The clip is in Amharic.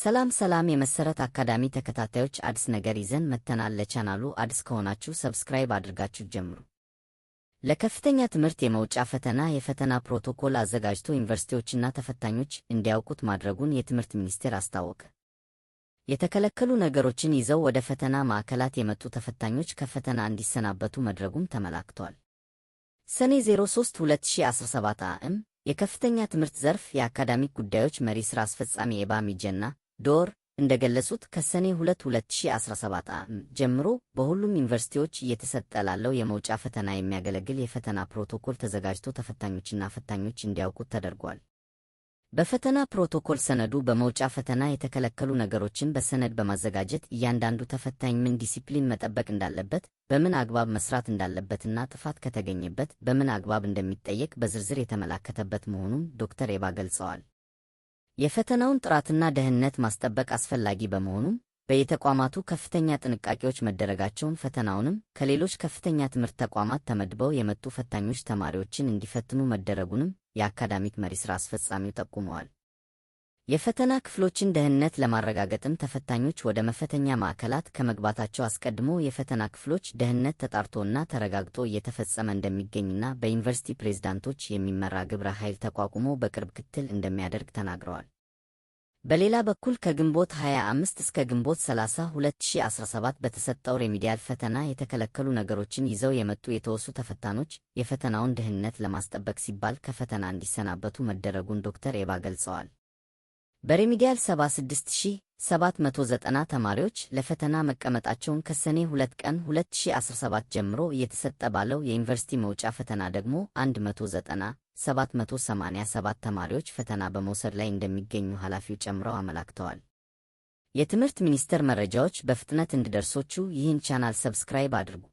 ሰላም ሰላም የመሰረት አካዳሚ ተከታታዮች አዲስ ነገር ይዘን መተናል። ለቻናሉ አዲስ ከሆናችሁ ሰብስክራይብ አድርጋችሁ ጀምሩ። ለከፍተኛ ትምህርት የመውጫ ፈተና የፈተና ፕሮቶኮል አዘጋጅቶ ዩኒቨርሲቲዎችና ተፈታኞች እንዲያውቁት ማድረጉን የትምህርት ሚኒስቴር አስታወቀ። የተከለከሉ ነገሮችን ይዘው ወደ ፈተና ማዕከላት የመጡ ተፈታኞች ከፈተና እንዲሰናበቱ መድረጉም ተመላክቷል። ሰኔ 03 2017 ዓ.ም የከፍተኛ ትምህርት ዘርፍ የአካዳሚክ ጉዳዮች መሪ ሥራ አስፈጻሚ ኤባ ሚጀና ዶር እንደገለጹት ከሰኔ 2 2017 ዓ.ም ጀምሮ በሁሉም ዩኒቨርሲቲዎች እየተሰጠ ላለው የመውጫ ፈተና የሚያገለግል የፈተና ፕሮቶኮል ተዘጋጅቶ ተፈታኞችና ፈታኞች እንዲያውቁት ተደርጓል። በፈተና ፕሮቶኮል ሰነዱ በመውጫ ፈተና የተከለከሉ ነገሮችን በሰነድ በማዘጋጀት እያንዳንዱ ተፈታኝ ምን ዲሲፕሊን መጠበቅ እንዳለበት፣ በምን አግባብ መስራት እንዳለበትና ጥፋት ከተገኘበት በምን አግባብ እንደሚጠየቅ በዝርዝር የተመላከተበት መሆኑን ዶክተር ኤባ ገልጸዋል። የፈተናውን ጥራትና ደህንነት ማስጠበቅ አስፈላጊ በመሆኑም በየተቋማቱ ከፍተኛ ጥንቃቄዎች መደረጋቸውን ፈተናውንም ከሌሎች ከፍተኛ ትምህርት ተቋማት ተመድበው የመጡ ፈታኞች ተማሪዎችን እንዲፈትኑ መደረጉንም የአካዳሚክ መሪ ሥራ አስፈጻሚው ጠቁመዋል። የፈተና ክፍሎችን ደህንነት ለማረጋገጥም ተፈታኞች ወደ መፈተኛ ማዕከላት ከመግባታቸው አስቀድሞ የፈተና ክፍሎች ደህንነት ተጣርቶና ተረጋግጦ እየተፈጸመ እንደሚገኝና በዩኒቨርሲቲ ፕሬዝዳንቶች የሚመራ ግብረ ኃይል ተቋቁሞ በቅርብ ክትል እንደሚያደርግ ተናግረዋል። በሌላ በኩል ከግንቦት 25 እስከ ግንቦት 30 2017 በተሰጠው ሬሚዲያል ፈተና የተከለከሉ ነገሮችን ይዘው የመጡ የተወሱ ተፈታኖች የፈተናውን ደህንነት ለማስጠበቅ ሲባል ከፈተና እንዲሰናበቱ መደረጉን ዶክተር ኤባ ገልጸዋል። በሬሚዲያል 76790 ተማሪዎች ለፈተና መቀመጣቸውን ከሰኔ 2 ቀን 2017 ጀምሮ እየተሰጠ ባለው የዩኒቨርሲቲ መውጫ ፈተና ደግሞ 190787 ተማሪዎች ፈተና በመውሰድ ላይ እንደሚገኙ ኃላፊው ጨምረው አመላክተዋል። የትምህርት ሚኒስቴር መረጃዎች በፍጥነት እንዲደርሶቹ ይህን ቻናል ሰብስክራይብ አድርጉ።